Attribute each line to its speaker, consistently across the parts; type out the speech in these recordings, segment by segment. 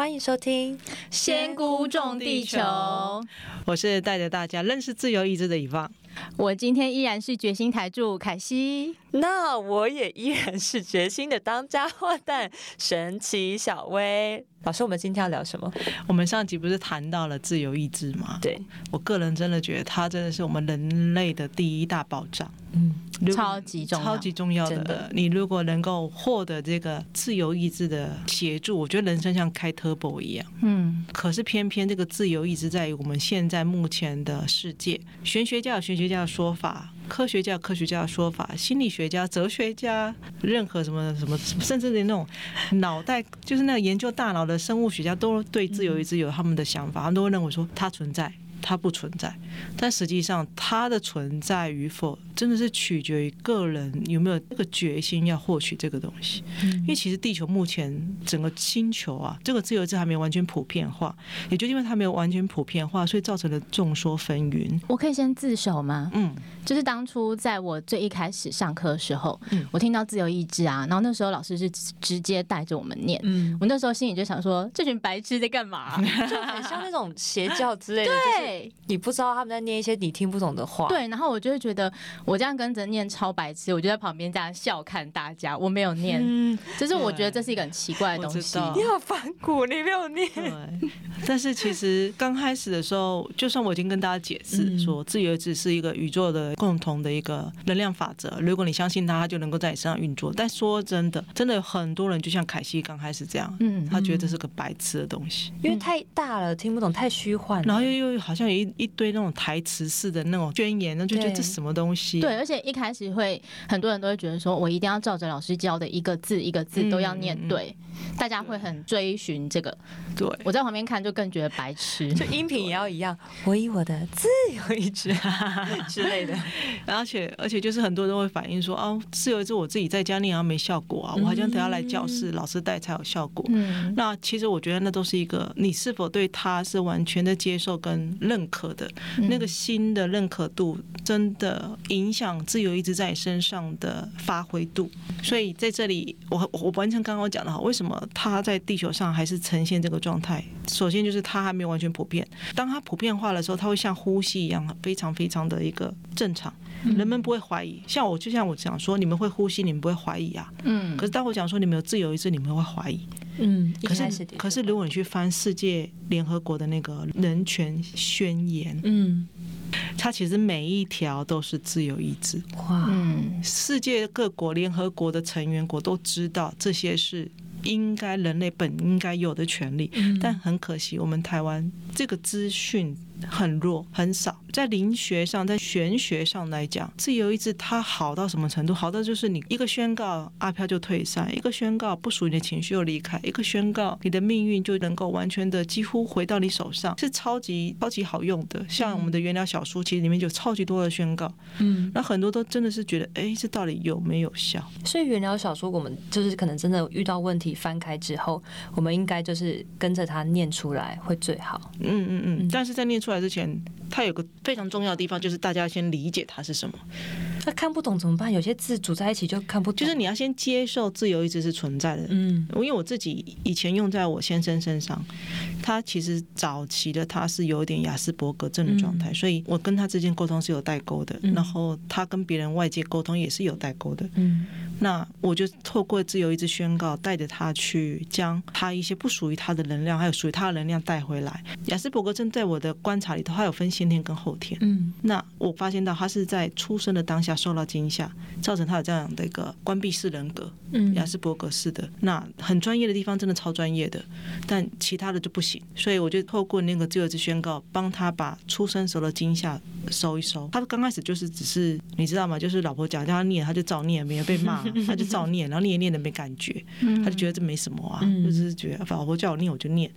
Speaker 1: 歡迎收聽《仙姑種地球》，我是帶着大家認識自由意志的雨放。我今天依然是決心台柱凱西，那我
Speaker 2: 也依然是決心的當家花旦，神奇小薇。老師，我們今天要聊什麼？我
Speaker 3: 們上集不是談到了自由意志嗎？對，我個人真的覺得，它真的是我們人類的第一大保障。嗯，超級重要，超級重要的。的你如果能夠獲得這個自由意志的協助，我覺得人生像開 turbo 一樣。
Speaker 4: 嗯，
Speaker 3: 可是偏偏這個自由意志，在於我們現在目前的世界，玄學家有玄學家的說法。科學家、科學家的說法，心理學家、哲學家，任何什麼什麼，甚至連那種腦袋，就是那個研究大腦的生物學家，都對自由意志有他們的想法，他們、嗯、都會認為說它存在。它不存在，但實際上它的存在與否，真的是取決於個人有沒有那個決心要獲取這個東西。嗯、因為其實地球目前整個星球啊，這個自由意志還沒有完全普遍化，也就因為它沒有完全普遍化，所以造成了眾說紛紜。
Speaker 1: 我可以先自首嗎？嗯，就是當初在我最一開始上課的時候，嗯，我聽到自由意志啊，然後那時候老師是直接帶着我們念，嗯，我那時候心裡就想說，這群白痴在幹嘛？就很像那
Speaker 2: 種邪教之類的。 對。
Speaker 1: 你不知道他們在念一
Speaker 2: 些你聽不懂的話。對，
Speaker 1: 然後我就會覺得我這樣跟着念超白痴，我就在旁邊這樣笑看大家。我沒有念，嗯、就是我覺得這是一個很奇怪的東西。你要反骨，你
Speaker 2: 沒有念。對
Speaker 3: 但是其實剛開始的時候，就算我已經跟大家解釋說、嗯、自由意志是一個宇宙的共同的一個能量法則，如果你相信它，它就能夠在你身上運作。但說真的，真的有很多人就像凱西剛開始這樣，嗯、嗯、嗯，他覺得這是個白痴的東西，嗯、因
Speaker 2: 為太大了，聽不懂，太虛幻，然後又又
Speaker 3: 好像。像有一一堆那種台詞似的那種宣言，那就覺得這是什麼東西、啊？對，
Speaker 1: 而且一開始會很多人都會覺得說，我一定要照着老師教的一個字一個字都要念對，嗯嗯、大家會很追尋這個。對我在旁邊看就更覺得白痴，就音頻也要一樣，呵
Speaker 2: 呵我以我的自由意
Speaker 1: 志 之類的。 而且而且就是很多人會反映說，哦，自由意志我自
Speaker 3: 己在家念好像沒效果啊，我好像得要來教室、嗯、老師帶才有效果。嗯、那其實我覺得那都是一個你是否對他是完全的接受跟。認可的那個心的認可度，真的影響自由意志在身上的發揮度。所以在這裡，我我完成剛剛講的哈，為什麼它在地球上還是呈現這個狀態？首先就是它還沒有完全普遍。當它普遍化的時候，它會像呼吸一樣，非常非常的一個正常。人們不會懷疑，像我就像我講說，你們會呼吸，你們不會懷疑啊。嗯。可是當我講說你們有自由意志，你們會懷疑。嗯。是可是可是，如果你去翻世界聯合國的那個人權宣言，嗯，它其實每一條都是自由意志。哇、嗯。世界各國聯合國的成員國都知道這些是應該人類本應該有的權利，嗯、但很可惜，我們台灣。這個資訊很弱，很少。在靈學上，在玄學上來講，自由意志它好到什麼程度？好到就是你一個宣告，阿飄就退散；一個宣告，不屬於你的情緒又離開；一個宣告，你的命運就能夠完全的幾乎回到你手上，是超級超級好用的。像我們的《原聊》小說，其實裡面有超級多的宣告。嗯，那很多都真的是覺得，哎，這到底有沒有效？
Speaker 2: 所以《原聊》小說，我們就是可能真的遇到問題，翻開之後，我們應該就是跟着它念出來會最好。嗯嗯嗯，但是在念出來之前，
Speaker 3: 它有個非常重要的地方，就是大家先理解它是什麼。
Speaker 2: 那看不懂怎麼辦？有些
Speaker 3: 字組在一起就看不懂。就是你要先接受自由意志一直是存在的。嗯，因為我自己以前用在我先生身上，他其實早期的他是有一點亞斯伯格症的狀態，嗯、所以我跟他之間溝通是有代溝的。然後他跟別人外界溝通也是有代溝的。嗯。那我就透過自由意志宣告，帶着他去將他一些不屬於他的能量，還有屬於他的能量帶回來。亞斯伯格症在我的觀察裡頭，他有分先天跟後天。嗯，那我發現到他是在出生的當下受到驚嚇，造成他有這樣的一個關閉式人格。嗯，亞斯伯格式的。那很專業的地方真的超專業的，但其他的就不行。所以我就透過那個自由意志宣告，幫他把出生受到驚嚇收一收。他剛開始就是只是你知道嗎？就是老婆講叫他念，他就照念，沒有被罵。 他就照念，然後念念的沒感覺，嗯、他就覺得這沒什麼啊，嗯、就是覺得老婆叫我念我就念。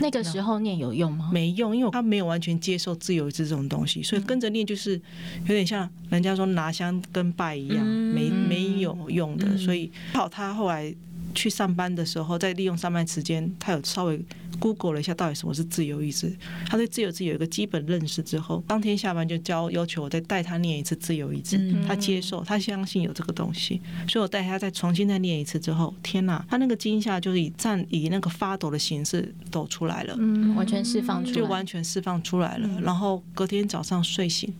Speaker 3: 那個時候念有用嗎？沒用，因為他沒有完全接受自由之這種東西，所以跟着念就是有點像人家說拿香跟拜一樣，嗯、沒沒有用的。所以好，他後來。去上班的時候，在利用上班時間，他有稍微 Google 了一下到底什麼是自由意志。他對自由意志有一個基本認識之後，當天下班就教要求我再帶他念一次自由意志。他接受，他相信有這個東西，所以我帶他再重新再念一次之後，天哪、啊，他那個驚嚇就是以站以那個發抖的形式抖出來了，完全釋放出來，就完全釋放出來了。然後隔天早上睡醒。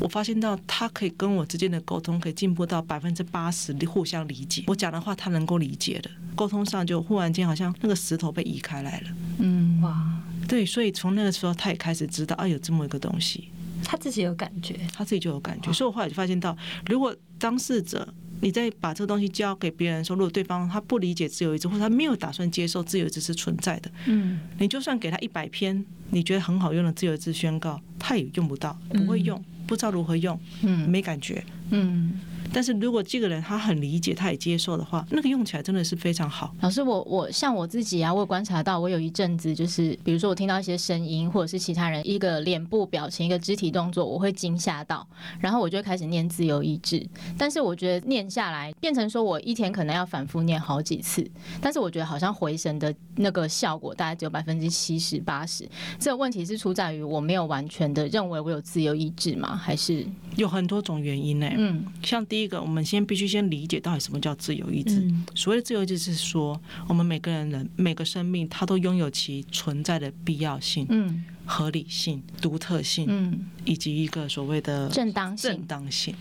Speaker 3: 我發現到他可以跟我之間的溝通可以進步到百分之八十的互相理解，我講的話他能夠理解的，溝通上就忽然間好像那個石頭被移開來
Speaker 4: 了。嗯，哇，
Speaker 3: 對，所以從那個時候他也開始知道，啊，有這麼一個東西，他自己有感覺，他自己就有感覺。所以，我後來就發現到，如果當事者你在把這個東西交給別人，說如果對方他不理解自由意志，或者他沒有打算接受自由意志是存在的，
Speaker 4: 嗯，
Speaker 3: 你就算給他一百篇你覺得很好用的自由意志宣告，他也用不到，不會用。不知道如何用，嗯，沒感覺，嗯。嗯但是如果這個人他很理解，他也接受的話，那個用起來真的是非常好。
Speaker 1: 老師，我我像我自己啊，我有觀察到我有一陣子，就是比如說我聽到一些聲音，或者是其他人一個臉部表情、一個肢體動作，我會驚嚇到，然後我就會開始念自由意志。但是我覺得念下來變成說我一天可能要反復念好幾次，但是我覺得好像回神的那個效果大概只有百分之七十八十。這個問題是出在於我沒有完全的認為我有自由意志嗎？還是
Speaker 3: 有很多種原因呢、欸？嗯，像第一個，我們先必須先理解到底什麼叫自由意志。嗯、所謂的自由意志就是說，我們每個人，人、每個生命，它都擁有其存在的必要性、嗯、合理性、獨特性，嗯、以及一個所謂的正當性。正當性，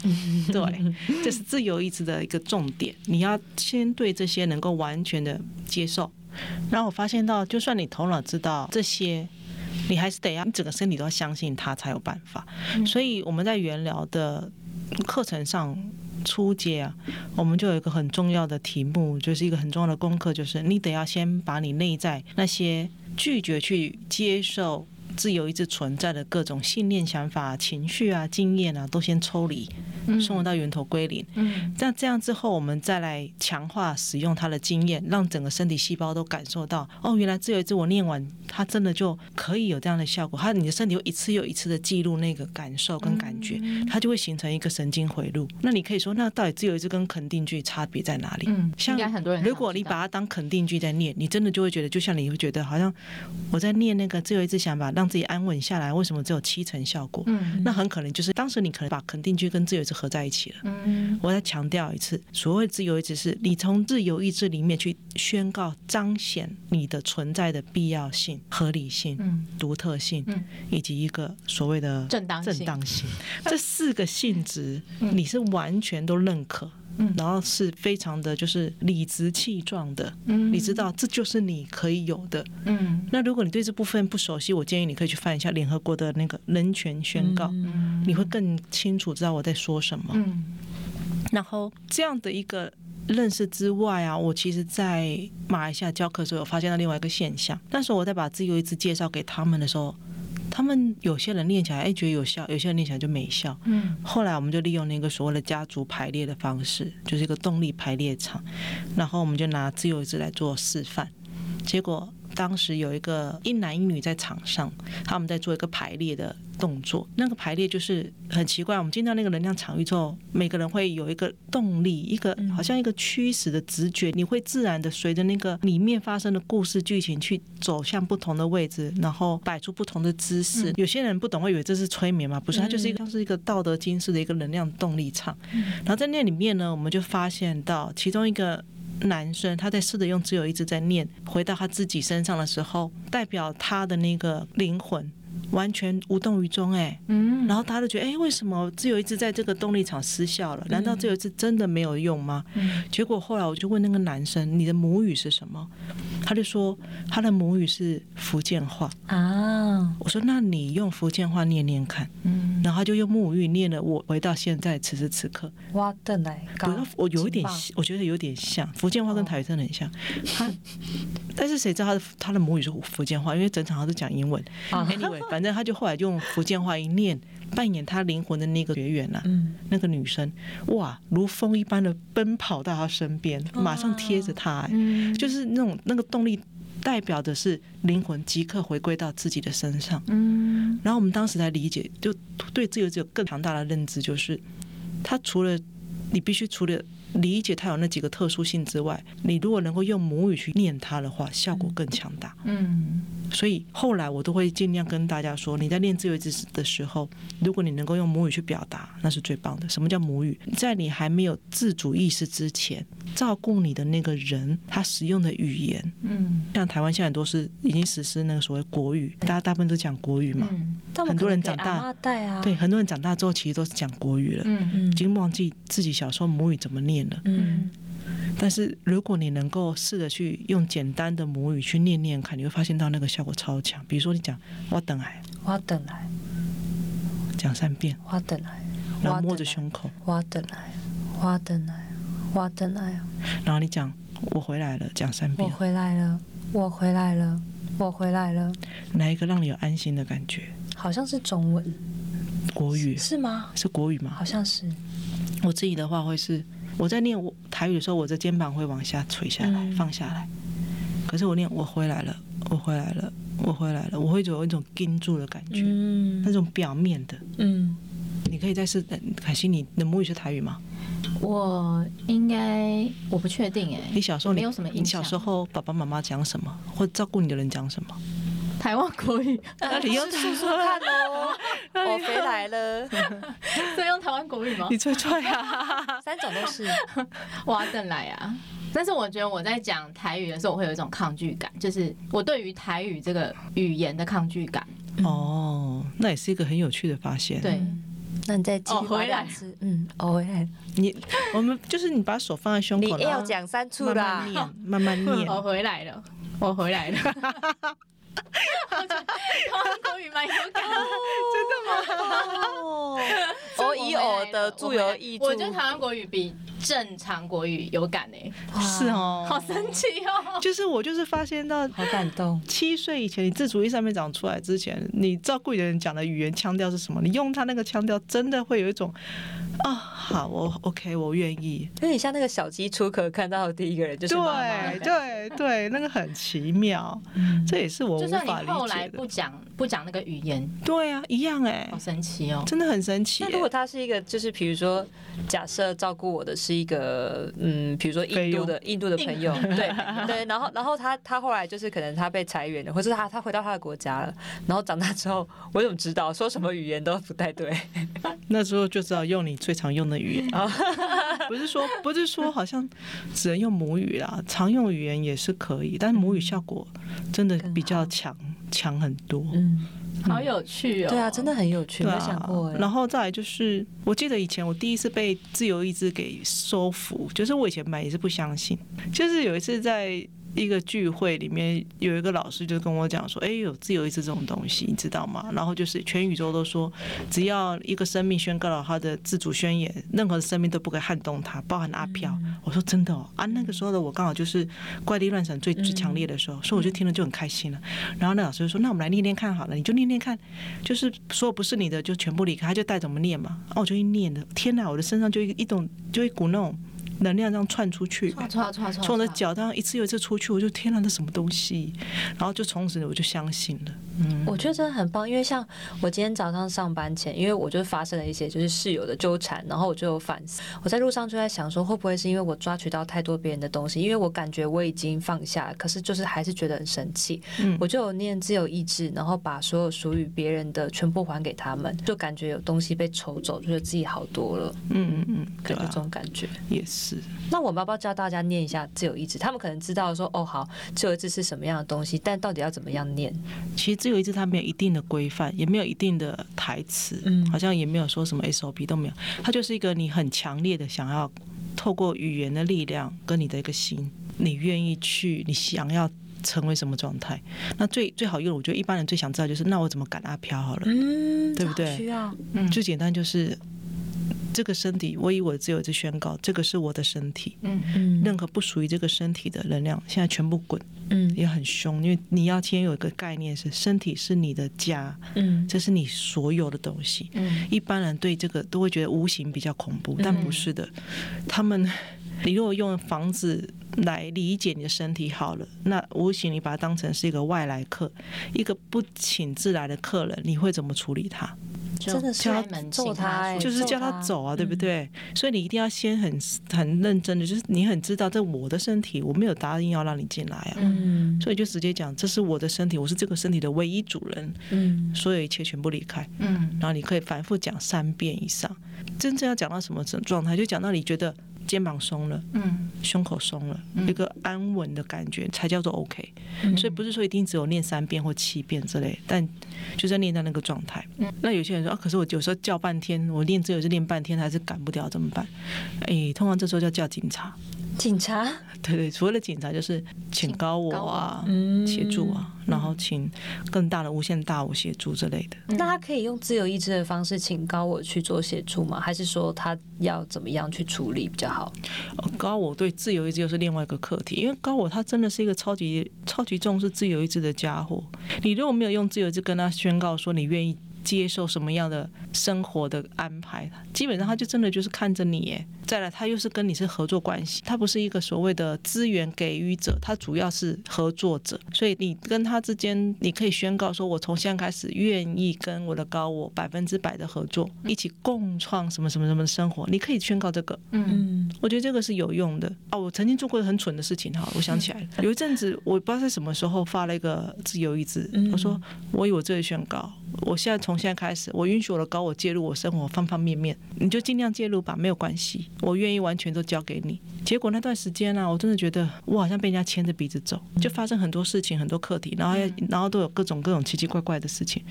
Speaker 3: 對，這是自由意志的一個重點。你要先對這些能夠完全的接受。然後我發現到，就算你頭腦知道這些，你還是得要你整個身體都要相信它才有辦法。嗯、所以我們在原療的課程上，初階啊，我們就有一個很重要的題目，就是一個很重要的功課，就是你得要先把你內在那些拒絕去接受自由意志存在的各種信念、想法、情緒啊、經驗啊，都先抽離。送回到源頭歸零。嗯，那這樣之後，我們再來強化使用它的經驗，嗯、讓整個身體細胞都感受到哦，原來自由意志我念完，它真的就可以有這樣的效果。它你的身體會一次又一次的記錄那個感受跟感覺，嗯、它就會形成一個神經迴路。那你可以說，那到底自由意志跟肯定句差別在哪裡？嗯，像很多人。如果你把它當肯定句在念，你真的就會覺得，就像你會覺得，好像我在念那個自由意志想法，讓自己安穩下來，為什麼只有七成效果？嗯，那很可能就是當時你可能把肯定句跟自由意志。合在一起了。嗯，我再強調一次，所謂自由意志是，你從自由意志裡面去宣告、彰顯你的存在的必要性、合理性、獨、嗯、特性，嗯、以及一個所謂的正當正當性。正當性 這四個性質，你是完全都認可。嗯嗯嗯、然後是非常的，就是理直氣壯的，嗯、你知道，這就是你可以有的。
Speaker 4: 嗯、
Speaker 3: 那如果你對這部分不熟悉，我建議你可以去翻一下聯合國的那個人權宣告，嗯、你會更清楚知道我在說什麼。嗯、然後這樣的一個認識之外啊，我其實在馬來西亞教課的時候，我發現了另外一個現象。那時候我在把自由意志介紹給他們的時候。他們有些人練起來，哎，覺得有效；有些人練起來就沒效。嗯，後來我們就利用那個所謂的家族排列的方式，就是一個動力排列場，然後我們就拿自由意志來做示範，結果。當時有一個一男一女在場上，他們在做一個排列的動作。那個排列就是很奇怪。我們進到那個能量場域之後，每個人會有一個動力，一個好像一個驅使的直覺，你會自然的隨着那個裡面發生的故事劇情去走向不同的位置，嗯、然後擺出不同的姿勢。嗯、有些人不懂會以為這是催眠嘛？不是，它就是一個像是一個《道德經》式的一個能量動力場。嗯、然後在那裡面呢，我們就發現到其中一個。男生他在試着用自由意志在念回到他自己身上的時候，代表他的那個靈魂完全無動於衷哎、欸，
Speaker 4: 嗯，然
Speaker 3: 後他就覺得哎、欸，為什麼自由意志在這個動力場失效了？難道自由意志真的沒有用嗎？嗯，結果後來我就問那個男生，你的母語是什麼？他就說他的母語是福建話啊，我說那你用福建話念念看，然後他就用母語念了，我回到現在此時此刻。
Speaker 2: 哇，真的，我有一點，
Speaker 3: 我覺得有點像福建話跟台語真的很像，但是誰知道他的他的母語是福建話，因為整場他都講英文，Anyway，反正他就後來就用福建話一念。扮演他靈魂的那個學員、啊嗯、那個女生，哇，如風一般的奔跑到他身邊，馬上貼着他、欸，哦、就是那種那個動力，代表的是靈魂即刻回歸到自己的身上。嗯、然後我們當時才理解，就對自由有更強大的認知，就是他除了。你必須除了理解它有那幾個特殊性之外，你如果能夠用母語去念它的話，效果更強大嗯。嗯，所以後來我都會盡量跟大家說，你在念自由意志的時候，如果你能夠用母語去表達，那是最棒的。什麼叫母語？在你還沒有自主意識之前，照顧你的那個人他使用的語言。嗯，像台灣現在很多是已經實施那個所謂國語，大家大部分都講國語嘛。嗯、
Speaker 2: 很多人長大，嗯啊、對，很
Speaker 3: 多人長大之後其實都是講國語了，已經、嗯嗯、忘記自己。小時候母語怎麼念的？嗯，但是如果你能夠試着去用簡單的母語去念念看，你會發現到那個效果超強。比如說，你講“我等來”，“
Speaker 2: 我等來”，
Speaker 3: 講三
Speaker 2: 遍，“我等來”，我摸着胸口我，“我等來”，“我等來”，“我等來”，
Speaker 3: 然後你講“我回來了”，講三遍，“我
Speaker 2: 回來了”，“我回來了”，“我回來了”，
Speaker 3: 來一個讓你有安心的感覺，
Speaker 2: 好像是中文國語是，是嗎？
Speaker 3: 是國語嗎？好像是。我自己的話會是，我在念我台語的時候，我的肩膀會往下垂下來，嗯、放下來。可是我念我回來了，我回來了，我回來了，嗯、我會有一種盯住的感覺，嗯，那種表面的。嗯，你可以再試看。凱西，你的母語是台語嗎？我應該，我不確定哎、欸。你小時候你沒有什麼你小時候爸爸媽媽講什麼，或照顧你的人講什麼？
Speaker 1: 台灣國語，那你用說說看哦。我回來了，是用台灣國語嗎？你踹踹啊！三種都是，哇，真來呀！但是我覺得我在講台語的時候，我會有一種抗拒感，就是我對於台語這個語言的抗拒感。
Speaker 3: 哦，那也是一個很有趣的發現。對，
Speaker 1: 那你
Speaker 2: 再哦回來，嗯，
Speaker 3: 我回來了，你我們就是你把手放在胸
Speaker 1: 口，你要
Speaker 2: 講三處了，慢慢念，我回來了，我回來了。
Speaker 1: 我覺得台灣國語蠻有感。 oh，真的嗎？我以我的自由意志，oh. oh. 我覺得台灣國語比正常國語有感呢。Wow. 是哦，好神奇哦！就是我就是發現到，好感動。七
Speaker 3: 歲以前，你自主意上面長出來之前，你照顧你的人講的語言腔調是什麼？你用他那個腔調，真的會有一種。啊、哦，好，我 OK，我願意。因為你像那個小雞出
Speaker 1: 殼看到的第一個人就是，對對 Okay. 對，那個很奇妙，嗯、這也是
Speaker 2: 我無法理解的。就是你後來不
Speaker 1: 講不講那個語言，對啊，一樣哎、欸，好神
Speaker 2: 奇哦，真的很神奇、欸。那如果他是一個，就是比如說假設照顧我的是一個，嗯，比如說印度的用印度的朋友，印對對，然後然後他他後來就是可能他被裁員了，或者他他回到他的國家了，然後長大之後我怎麼知道說什麼語言都不太對？
Speaker 3: 那時候就知道用你。最常用的語言啊，
Speaker 2: 不是說不是說好像
Speaker 3: 只能用母語啦，常用語言也是可以，但是母語效果真的比較強強好很多。
Speaker 2: 嗯，好有趣哦，對啊，真的很有趣，對啊，欸，然
Speaker 3: 後再來就是，我記得以前我第一次被自由意志給收服，就是我以前買也是不相信，就是有一次在。一個聚會裡面有一個老師就跟我講說，哎呦，自由意志這種東西你知道嗎？然後就是全宇宙都說，只要一個生命宣告了他的自主宣言，任何的生命都不可以撼動他，包含阿飄。我說真的哦？啊，那個時候的我剛好就是怪力亂神最、嗯、最強烈的時候，所以我就聽了就很開心了。嗯、然後那老師就說，那我們來念念看好了，你就念念看，就是說不是你的就全部離開，他就帶着我們念嘛。哦、啊，我就一念的，天吶，我的身上就一一種，就一股那種。能量這樣竄出去，竄竄竄，從我的腳這樣一次又一次出去，我就天哪啊，那什麼東西？然後就從此
Speaker 2: 我就相信了。嗯、我覺得真的很棒，因為像我今天早上上班前，因為我就發生了一些就是室友的糾纏，然後我就有反思。我在路上就在想說，會不會是因為我抓取到太多別人的東西？因為我感覺我已經放下了，可是就是還是覺得很生氣。嗯、我就有念自由意志，然後把所有屬於別人的全部還給他們，嗯、就感覺有東西被抽走，就覺得自己好多了。嗯嗯嗯，有、嗯、這種感覺、啊、也是。那我們要不要教大家念一下自由意志？他們可能知道說哦，好，自由意志是什麼樣的東西，但到底要怎麼樣念？
Speaker 3: 其實。有一次，它沒有一定的規範，也沒有一定的台詞，嗯、好像也沒有說什麼 SOP 都沒有，它就是一個你很強烈的想要透過語言的力量跟你的一個心，你願意去，你想要成為什麼狀態？那最最好用，我覺得一般人最想知道就是，那我怎麼趕阿飄好了，
Speaker 4: 嗯、對不對？需要，嗯，
Speaker 3: 最簡單就是。這個身體，我以我的自由意志宣告，這個是我的身體。嗯
Speaker 4: 嗯，任
Speaker 3: 何不屬於這個身體的能量，現在全部滾。嗯，也很兇，因為你要先有一個概念是，身體是你的家。嗯，這是你所有的東西。嗯，一般人對這個都會覺得無形比較恐怖，但不是的。他們，你如果用房子來理解你的身體好了，那無形你把它當成是一個外來客，一個不請自來的客人，你會怎麼處理它？真的是揍他，就是叫他走啊，對不對？所以你一定要先很很認真的，就是你很知道這我的身體，我沒有答應要讓你進來啊。嗯，所以就直接講，這是我的身體，我是這個身體的唯一主人。嗯，所有一切全部離開。嗯，然後你可以反复講三遍以上。真正要講到什麼狀狀態，就講到你覺得肩膀鬆了，嗯，胸口鬆了，嗯、一個安穩的感覺才叫做 OK。所以不是說一定只有練三遍或七遍之類，但就在練到那個狀態。那有些人說啊，可是我有時候叫半天，我練只有是練半天還是趕不掉，怎麼辦？哎、欸，通常這時候就要叫警察。警察？對對，除了警察就是請高我啊，我協助啊，嗯，然後請更大的無限大我協助之類的。
Speaker 2: 那他可以用自由意志的方式請高我去做協助嗎？還是說他要怎麼樣去處理比較好？高我對
Speaker 3: 自由意志又是另外一個課題，因為高我他真的是一個超級超級重視自由意志的家伙。你如果沒有用自由意志跟他宣告說你願意接受什麼樣的生活的安排，基本上他就真的就是看着你耶。再來，他又是跟你是合作關係，他不是一個所謂的資源給予者，他主要是合作者。所以你跟他之間，你可以宣告說，我從現在開始願意跟我的高我百分之百的合作，嗯、一起共創什麼什麼什麼的生活。你可以宣告這個，嗯，我覺得這個是有用的啊。我曾經做過很蠢的事情哈，我想起來了，嗯、有一陣子我不知道在什麼時候發了一個自由意志，我說，我以我這裡宣告，我現在從現在開始，我允許我的高我介入我生活方方面面，你就盡量介入吧，沒有關係。我願意完全都交給你。結果那段時間呢、啊，我真的覺得我好像被人家牽着鼻子走，就發生很多事情、很多課題，然後、嗯、然後都有各種各種奇奇怪怪的事情。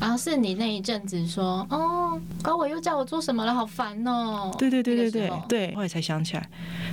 Speaker 1: 然後、啊、是你那一陣子說哦，高我又叫我做什麼了，好煩哦。對對
Speaker 3: 對對對對，對，後來才想起來，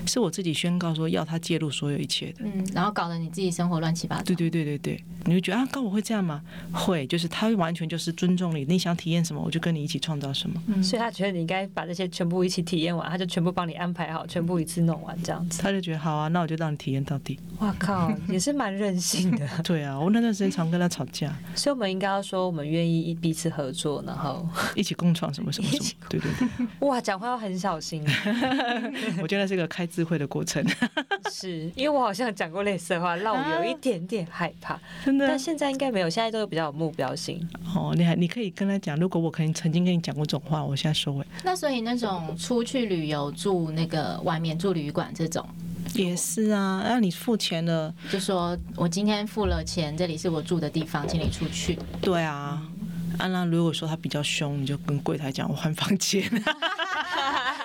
Speaker 3: 是我自己宣告說要他介入所有一切的。嗯，然後搞得你自己生活亂七八糟。對對對對對，你就覺得啊，高我會這樣嗎？會，就是他完全就是尊重你，你想體驗什麼，我就跟你一起創造什麼。
Speaker 2: 嗯，所以他覺得你應該把這些全部一起體驗完，他就。全部幫你安排好，全部一次弄完這樣子，他就覺得好啊，那我就讓你體驗到底。哇靠，也是蠻任性的。
Speaker 3: 對啊，我那段時間
Speaker 2: 常跟他吵架，所以我們應該要說，我們願意彼此合作，然後一起共創什麼什麼什麼。對對對。哇，講話要很小心。 我覺得那是個開智慧的過程。 是，因為我好像講過類似的話，讓我有一點點害怕，真的、啊。但現在應該沒有，現在都有比較有目標性。
Speaker 3: 哦，你還你可以跟他講，如果我可以曾經跟你講過這種話，我現在說、欸。
Speaker 1: 那所以那種出去旅遊。有住那個外面住旅館這種，也是啊。那、啊、你付錢了，就說我今天付了錢，這裡是我住的地方，請你出去。
Speaker 3: 對啊，啊那如果說他比較兇，你就跟櫃檯講，我換房間。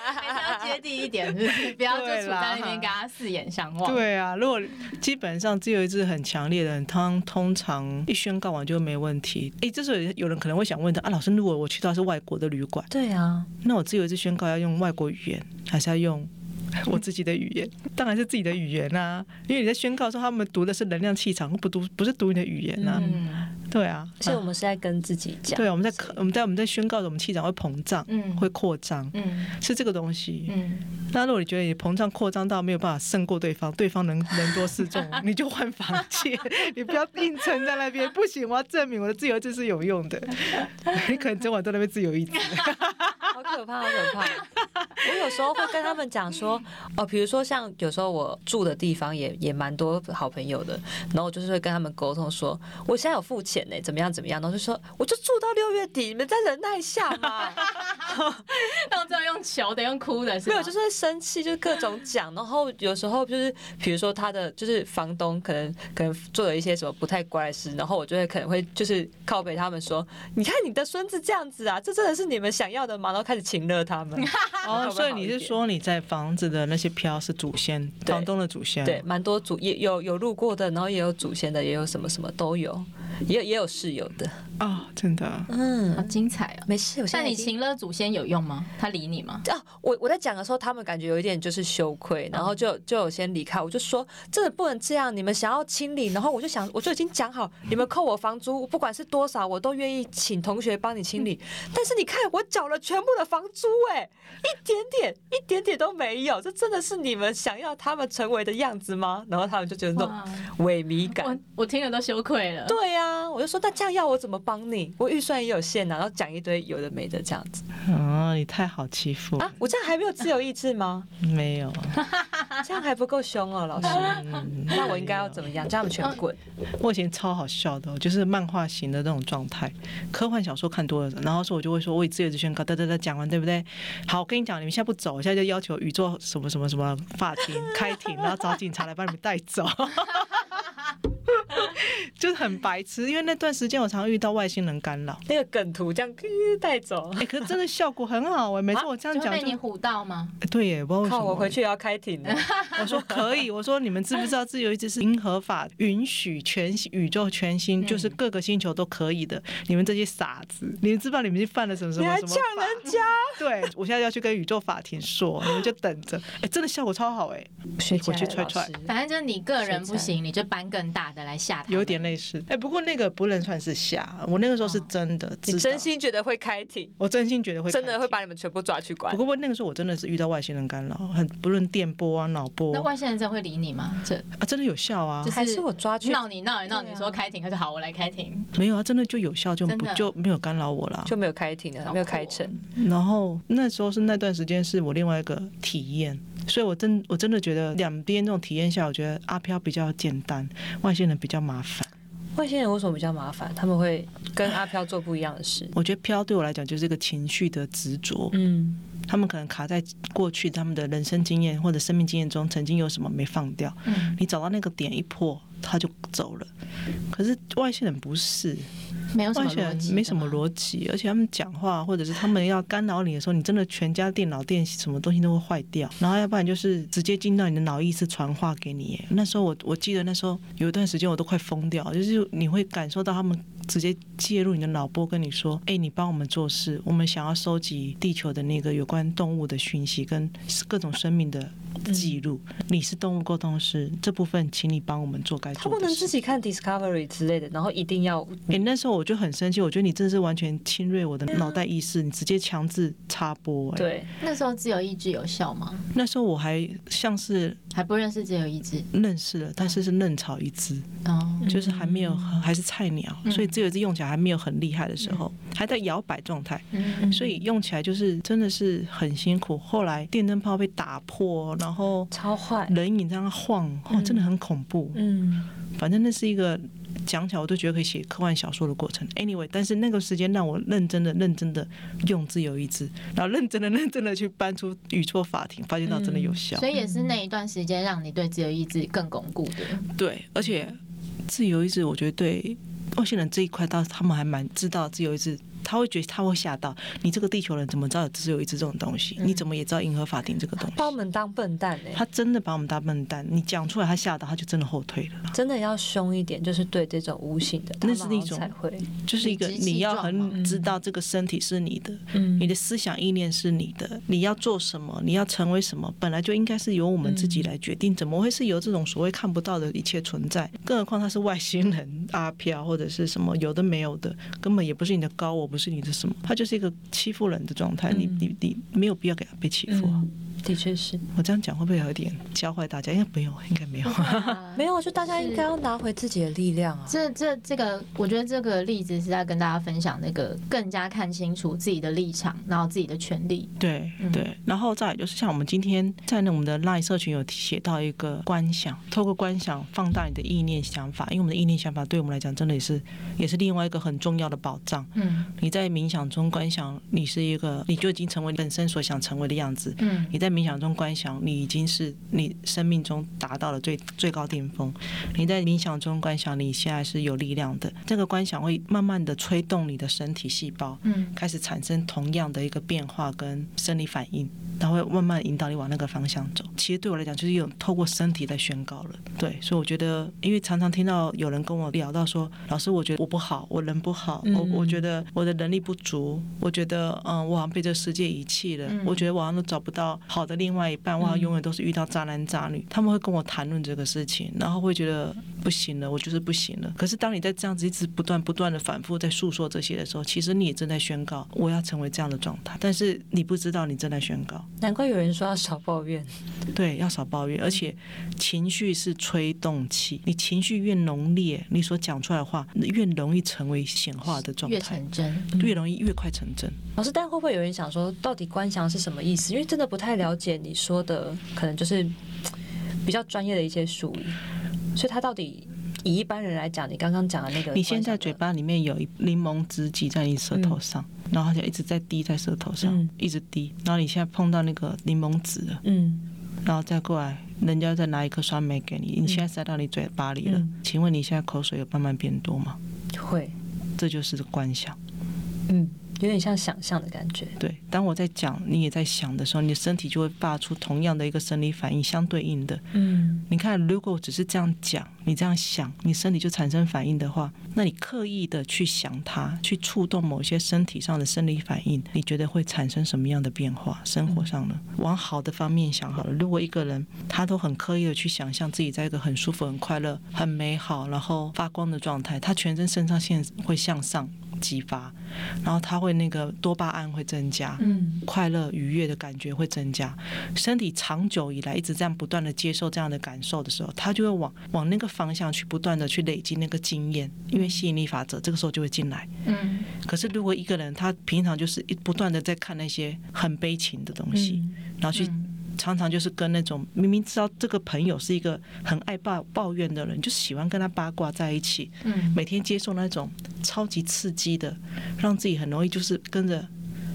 Speaker 1: 第一點是不是，不要就杵在
Speaker 3: 那邊跟他四眼相望。 對啊，如果基本上自由意志很強烈的人，他通常一宣告完就沒問題。哎、欸，這時候有人可能會想問他啊，老師，如果我去到是外國的旅館，對啊，那我自由意志宣告要用外國語言，還是要用我自己的語言？ 當然是自己的語言啊，因為你在宣告說他們讀的是能量氣場，不讀不是讀你的語言、啊、嗯。對啊，所以我們是在跟自己講。啊對啊，我們在，是我們在，我們在宣告着我們氣場會膨脹，嗯、會擴張，嗯，是這個東西，
Speaker 4: 嗯。
Speaker 3: 那如果你覺得你膨脹擴張到沒有辦法勝過對方，對方能人多勢眾， 你就換房間， 你不要硬撐在那
Speaker 2: 邊。不行，我要證明我的自由意志是有用的。 你可能整晚都在那邊自由意志。好可怕，好可怕！我有時候會跟他們講說，哦，比如說像有時候我住的地方也也蠻多好朋友的，然後就是會跟他們溝通說，我現在有付錢呢，怎麼樣怎麼樣，然後就說我就住到六月底，你們再忍耐一下嘛。然後這樣用求等於用哭的，沒有，就是會生氣，就是各種講，然後有時候就是比如說他的就是房東可能可能做了一些什麼不太乖的事，然後我就會可能會就是靠北他們說，你看你的孫子這樣子啊，這真的是你們想要的嗎？然後。開始請樂他們，哦，所以你是
Speaker 3: 說你在房子的那些飄是祖先？
Speaker 2: 房東的祖先，對，蠻多祖也有有路過的，然後也有祖先的，也有什麼什麼都有。也有也有室友的啊、哦，真的，啊，嗯，好精彩啊、哦，沒事。像你請了祖先有用嗎？他理你嗎？啊，我我在講的時候，他們感覺有一點就是羞愧，然後就就有先離開。我就說，真的不能這樣，你們想要清理，然後我就想，我就已經講好，你們扣我房租，不管是多少，我都願意請同學幫你清理。嗯、但是你看，我繳了全部的房租，哎，一點點，一點點都沒有。這真的是你們想要他們成為的樣子嗎？然後他們就覺得那種萎靡感，我我聽了都羞愧了。對呀、啊。我就說，但這樣要我怎麼幫你？我預算也有限、啊，然後講一堆有的沒的這樣子。
Speaker 3: 啊、哦，你太好欺負啊！
Speaker 2: 我這樣還沒有自由意志嗎？
Speaker 3: 沒有，
Speaker 2: 這樣還不夠凶哦、啊，老師。嗯嗯、那我應該要怎麼樣？有這樣全滾！我以前超好笑的，
Speaker 3: 就是漫畫型的那種狀態，科幻小說看多了，然後說我就會說我以自由意志宣告，噠噠講完對不對？好，我跟你講，你們現在不走，我現在就要求宇宙什麼什麼什麼法庭開庭，然後找警察來把你們帶走。 就是很白痴，因為那段時間我常遇到外星人干擾，那個梗圖這樣帶走，哎，可是真的效
Speaker 1: 果很好哎，每次我這樣講被你唬到嗎？對耶，看我
Speaker 3: 回去
Speaker 2: 要開庭，
Speaker 1: 我
Speaker 3: 說可以，我說你們知不知道自由意志是銀河法允許全宇宙全新，就是各個星球都可以的，你們這些傻子，你們知不知道你們是犯了什麼什麼？你還搶人家？對我現在要去跟宇宙法庭說，你們就等着，哎，真的效果超好哎，
Speaker 2: 回去踹踹，
Speaker 1: 反正就是你個人不行，你就搬更大的。來嚇他，有點類似。哎，不過那個不能算是嚇，我那個時候是真的，真
Speaker 2: 心覺得會開庭，我真心覺得會，真的會把你們全部抓去關。不
Speaker 3: 過那個時候我真的是遇到外星人干擾，很不論電波啊、腦波。那外星
Speaker 1: 人真的會理你嗎？
Speaker 3: 這啊，真的有效啊。還是我
Speaker 1: 抓去鬧你，鬧一鬧你說開庭，還是好，我
Speaker 2: 來開
Speaker 3: 庭。沒有啊，真的就有效，就不就沒有干擾我了，就
Speaker 2: 沒有開庭的，沒有開成。
Speaker 3: 然後那時候是那段時間是我另外一個體驗。所以，我真我真的覺得兩邊這種體驗下，我覺得阿飄比較簡單，外星人比較麻煩。
Speaker 2: 外星人為什麼比較麻煩？他們會跟阿飄做不一樣的事。我
Speaker 3: 覺得飄對我來講就是一個情緒的執着。嗯。他們可能卡在過去他們的人生經驗或者生命經驗中曾經有什麼沒放掉，你找到那個點一破他就走了。可是外星人不是外星人沒什麼邏輯，而且他們講話或者是他們要干擾你的時候，你真的全家電腦、電什麼東西都會壞掉，然後要不然就是直接進到你的腦意識傳話給你。那時候我我記得那時候有一段時間我都快瘋掉，就是你會感受到他們。直接介入你的腦波，跟你說，哎、欸，你幫我們做事，我們想要收集地球的那個有關動物的訊息，跟各種生命的。記錄，你是動物溝通師這部分，請你幫我們做該做的。他不能
Speaker 2: 自己看 Discovery 之類的，然後一
Speaker 3: 定要。哎、欸，那時候我就很生氣，我覺得你真的是完全侵略我的腦袋意識，哎、呀你直接強制插播、欸。對，
Speaker 1: 那時候自由意志有效嗎？
Speaker 3: 那時候我還像是還不認識自由意志，認識了，但是是嫩草一隻，
Speaker 1: 哦，就是還沒有、
Speaker 3: 嗯、還是菜鳥，嗯、所以自由意志用起來還沒有很厲害的時候，嗯、還在搖擺狀態，嗯嗯、所以用起來就是真的是很辛苦。後來電燈泡被打破然後超壞，人影在那晃，嗯哦，真的很恐怖。嗯，反正那是一個講起來我都覺得可以寫科幻小說的過程。Anyway，但是那個時間讓我認真的、認真的用自由意志，然後認真的、認真的去搬出宇宙法庭，發現到真的有效。嗯、所以也是
Speaker 1: 那一段時間讓你對自由意志更鞏固，嗯、對，而且
Speaker 3: 自由意志，我覺得對外星人這一塊，到他們還蠻知道自由意志。他會覺得，他會嚇到你，這個地球人怎麼知道只有一隻這種東西？嗯、你怎麼也知道銀河法庭這個東西？他
Speaker 2: 把我們當笨蛋呢、欸？
Speaker 3: 他真的把我們當笨蛋。你講出來，他嚇到，他就真的後退
Speaker 2: 了。真的要凶一點，就是對這種無形的，那是那種才會，
Speaker 3: 就是一個你，你要很知道這個身體是你的，嗯、你的思想意念是你的，你要做什麼，你要成為什麼，本來就應該是由我們自己來決定，嗯、怎麼會是由這種所謂看不到的一切存在？更何況他是外星人阿飄或者是什麼有的沒有的，根本也不是你的高我。不是你的什麼，他就是一個欺負人的狀態。你你你，你沒有必要給他被欺負啊。嗯嗯的確是。我這樣講會不會有點教壞大家？應該沒有，啊，應該沒有，
Speaker 2: 沒有。就大家應該要拿回自己的力量啊！這、這、這個，
Speaker 1: 我覺得這個例子是在跟大家分享那個更加看清楚自己的立場，然後自己的權利。
Speaker 3: 對對。然後再也就是像我們今天在我們的賴社群有寫到一個觀想，透過觀想放大你的意念想法，因為我們的意念想法對我們來講真的也是也是另外一個很重要的保障。嗯，你在冥想中觀想你是一個，你就已經成為你本身所想成為的樣子。嗯，你在。在冥想中觀想，你已經是你生命中達到了最最高巔峰。你在冥想中觀想，你現在是有力量的。這個觀想會慢慢的吹動你的身體細胞，嗯，開始產生同樣的一個變化跟生理反應。他會慢慢引導你往那個方向走。其實對我來講，就是有透過身體在宣告了，對。所以我覺得，因為常常聽到有人跟我聊到說，老師，我覺得我不好，我人不好，嗯、我我覺得我的能力不足，我覺得嗯，我好像被這個世界遺棄了，嗯、我覺得我好像都找不到好的另外一半，我好像永遠都是遇到渣男渣女。嗯、他們會跟我談論這個事情，然後會覺得不行了，我就是不行了。可是當你在這樣子一直不斷不斷的反覆在訴說這些的時候，其實你也正在宣告我要成為這樣的狀態，但是你不知道你正在宣告。難怪有人說要少抱怨，對，要少抱怨，而且情緒是吹動器，你情緒越濃烈，你所講出來的話越容易成為顯化的狀態，越成真，嗯、越容易越快成真。
Speaker 2: 老師，但會不會有人想說，到底觀想是什麼意思？因為真的不太了解你說的，可能就是比較專業的一些術語，所以他到底以一般人來講，你剛剛講的那個的，你現
Speaker 3: 在嘴巴裡面有一檸檬汁擠在你舌頭上。嗯然後就一直在滴在舌頭上，嗯、一直滴。然後你現在碰到那個檸檬籽
Speaker 4: 了，
Speaker 3: 嗯，然後再過來，人家再拿一顆酸梅給你，嗯、你現在塞到你嘴巴裡了。嗯、請問你現在口水有慢慢變多嗎？會，這就是觀想，嗯。
Speaker 2: 有點像想象的感覺。對，
Speaker 3: 當我在講，你也在想的時候，你的身體就會發出同樣的一個生理反應，相對應的。
Speaker 4: 嗯，
Speaker 3: 你看，如果只是這樣講，你這樣想，你身體就產生反應的話，那你刻意的去想它，去觸動某些身體上的生理反應，你覺得會產生什麼樣的變化？生活上呢？嗯，往好的方面想好了。如果一個人他都很刻意的去想象自己在一個很舒服、很快樂、很美好，然後發光的狀態，他全身腎上腺會向上激發，然後他會那個多巴胺會增加，嗯，快樂愉悅的感覺會增加。身體長久以來一直這樣不斷的接受這樣的感受的時候，他就會往往那個方向去不斷的去累積那個經驗，因為吸引力法則這個時候就會進來。嗯，可是如果一個人他平常就是一不斷的在看那些很悲情的東西，嗯，然後去。常常就是跟那種明明知道這個朋友是一個很愛抱抱怨的人，就喜歡跟他八卦在一起，每天接受那種超級刺激的，讓自己很容易就是跟着。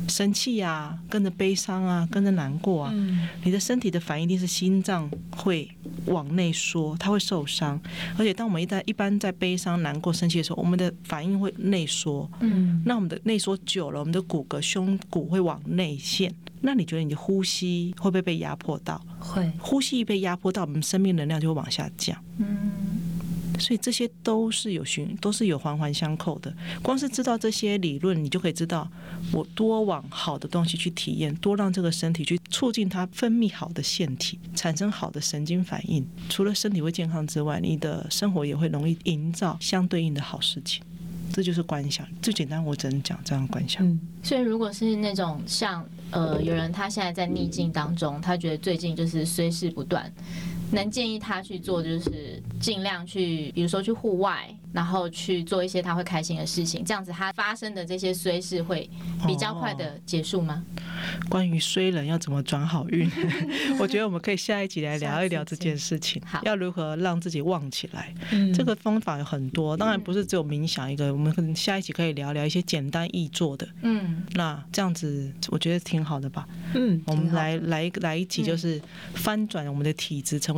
Speaker 3: 生氣啊，跟着悲傷啊，跟着難過啊，嗯，你的身體的反應一定是心臟會往內縮，它會受傷。而且當我們一旦一般在悲傷、難過、生氣的時候，我們的反應會內縮。嗯，那我們的內縮久了，我們的骨骼、胸骨會往內陷。那你覺得你的呼吸會不會被壓迫到？會，呼吸一被壓迫到，我們生命能量就會往下降。嗯。所以這些都是有循，都是有環環相扣的。光是知道這些理論，你就可以知道，我多往好的東西去體驗，多讓這個身體去促進它分泌好的腺體，產生好的神經反應。除了身體會健康之外，你的生活也會容易營造相對應的好事情。
Speaker 1: 這就是觀
Speaker 3: 想，最簡單，我只能講這樣觀想。嗯。
Speaker 1: 所以如果是那種像呃，有人他現在在逆境當中，他覺得最近就是衰事不斷。能建議他去做，就是盡量去，比如說去戶外，然後去做一些他會開心的事情，這樣子他發生的這些衰事會比較快的結束嗎？
Speaker 3: 關於衰人要怎麼轉好運， 我覺得我們可以下一集來聊一聊這件事情，好，要如何讓自己旺起來。嗯，這個方法有很多，當然不是只有冥想一個，嗯、我們下一期可以聊聊一些簡單易做的。嗯，那這樣子我覺得挺好的吧。嗯，我們來來來一集就是翻轉我們的體質、嗯、成。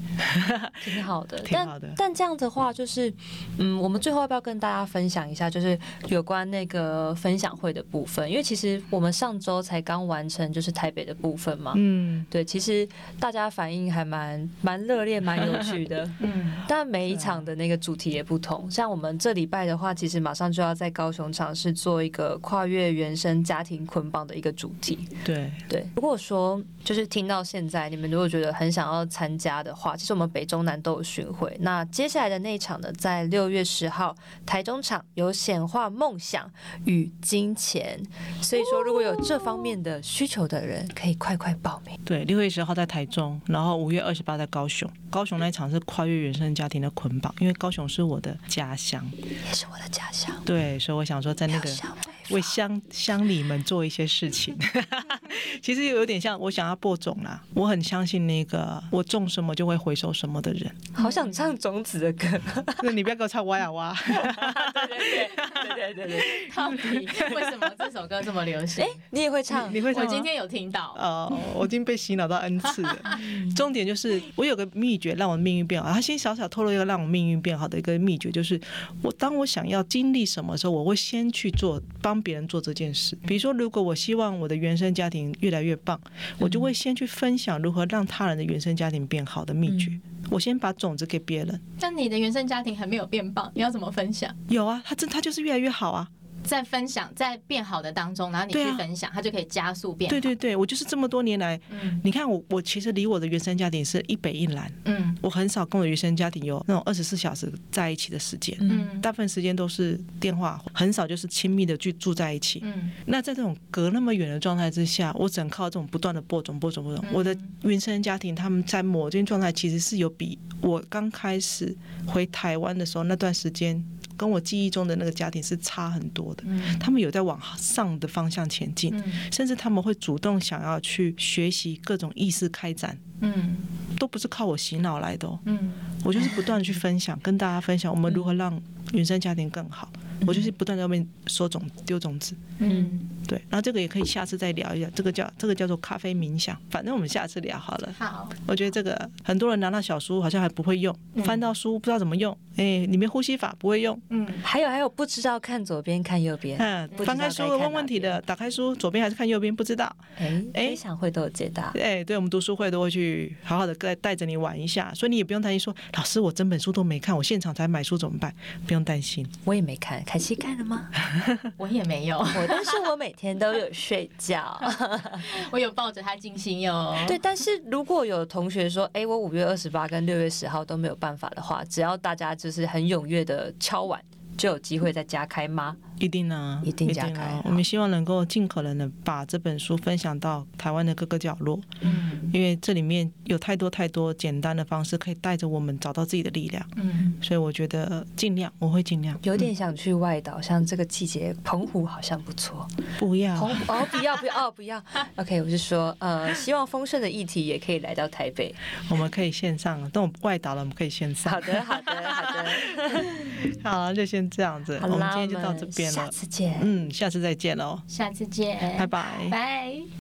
Speaker 2: 挺好的，但挺好的。但這樣的話，就是，嗯，我們最後要不要跟大家分享一下，就是有關那個分享會的部分？因為其實我們上週才剛完成，就是台北的部分嘛。嗯，對，其實大家反應還蠻蠻熱烈，蠻有趣的。嗯，但每一場的那個主題也不同。對像我們這禮拜的話，其實馬上就要在高雄場是做一個跨越原生家庭捆綁的一個主題。對對。如果說就是聽到現在，你們如果覺得很想要參加的話，其實。我們北中南都有巡回，那接下來的那一場呢，在六月十號台中場有顯化夢想與金錢，所以說如果有這方面的需求的人，可以快快報名。
Speaker 3: 對，六月十號在台中，然後五月二十八在高雄。高雄那一場是跨越原生家庭的捆綁，因為高雄是我的家鄉，也是我的家鄉。對，所以我想說在那個為鄉鄉裡們做一些事情。 其實又有點像我想要播種啦，我很相信那個我種什麼就會回收什麼的人。好想唱種子的歌，那 你不要給我唱挖呀挖。 對對對對對對，
Speaker 1: 到底為什麼這首歌這麼流行？哎、欸，你也會
Speaker 3: 唱？欸、你會唱？我今天
Speaker 1: 有聽到。哦、
Speaker 3: 呃，我已經被洗腦到 N 次了。 重點就是我有個秘訣讓我命運變好，他先小小透露一個讓我命運變好的一個秘訣，就是我當我想要經歷什麼的時候，我會先去做幫別人做這件事。比如說，如果我希望我的原生家庭。越來越棒，我就會先去分享如何讓他人的原生家庭變好的秘訣。嗯、我先把種子給別人。
Speaker 1: 但你的原生家庭還沒有變棒，你要怎麼分享？有啊，他真，他就是越來越好啊。在分享，在變好的當中，然後你去分享，它、啊、就可以加速變好。對對
Speaker 3: 對，我就是這麼多年來，嗯、你看我，我其實離我的原生家庭是一北一南，嗯，我很少跟我的原生家庭有那種二十四小時在一起的時間，嗯，大部分時間都是電話，很少就是親密的去住在一起，嗯。那在這種隔那麼遠的狀態之下，我只能靠這種不斷的播種、播種、播種，嗯、我的原生家庭他們在某一種狀態，其實是有比我剛開始回台灣的時候那段時間。跟我記憶中的那個家庭是差很多的，嗯、他們有在往上的方向前進，嗯、甚至他們會主動想要去學習各種意識開展，嗯，都不是靠我洗腦來的、哦，嗯，我就是不斷去分享，唉唉跟大家分享我們如何讓原生家庭更好。我就是不斷在外面說種丟種子，
Speaker 4: 嗯，
Speaker 3: 對，然後這個也可以下次再聊一下，這個叫這個叫做咖啡冥想，反正我們下次聊好了。好，我覺得這個很多人拿到小書好像還不會用，嗯、翻到書不知道怎麼用，誒、欸，裡面呼吸法不會用，
Speaker 4: 嗯，還
Speaker 2: 有還有不知道看左邊看右邊，嗯、啊，不知道翻開書
Speaker 3: 問問題的，打開書左邊還是看右邊不知道，誒、欸，誒、欸，分享
Speaker 2: 會都有解答，對、欸，
Speaker 3: 對我們讀書會都會去好好的帶帶着你玩一下，所以你也不用擔心說老師我整本書都沒看，我現場才買書怎麼辦？不用擔心，我也
Speaker 2: 沒看。看抬膝蓋了嗎？ 我也沒有， 我但是我每天都有睡覺。 我有抱着他靜心喲。 對，但是如果有同學說，哎、欸，我五月二十八跟六月十號都沒有辦法的話，只要大家就是很踴躍的敲碗，就有機會再加開嗎？一定呢，一定啊！我
Speaker 3: 們希望能夠盡可能的把這本書分享到台灣的各個角落，
Speaker 2: 嗯，
Speaker 4: 因
Speaker 3: 為這裡面有太多太多簡單的
Speaker 2: 方式可以帶着我們找到自己的力量，嗯，所以我覺得儘量我會儘量。有點想去外島，像這個季節，澎湖好像不錯。不要，澎湖，哦不要不要哦不要。OK，我是說，呃，希望豐盛的議題也可以來到台北，我們可以線上，等我外島了，我們可以線上。好的，好的，好的，好，就先這樣
Speaker 3: 子，我們今天就到這邊。下次見，嗯，下次再見哦，下次見，拜拜 bye，
Speaker 4: 拜。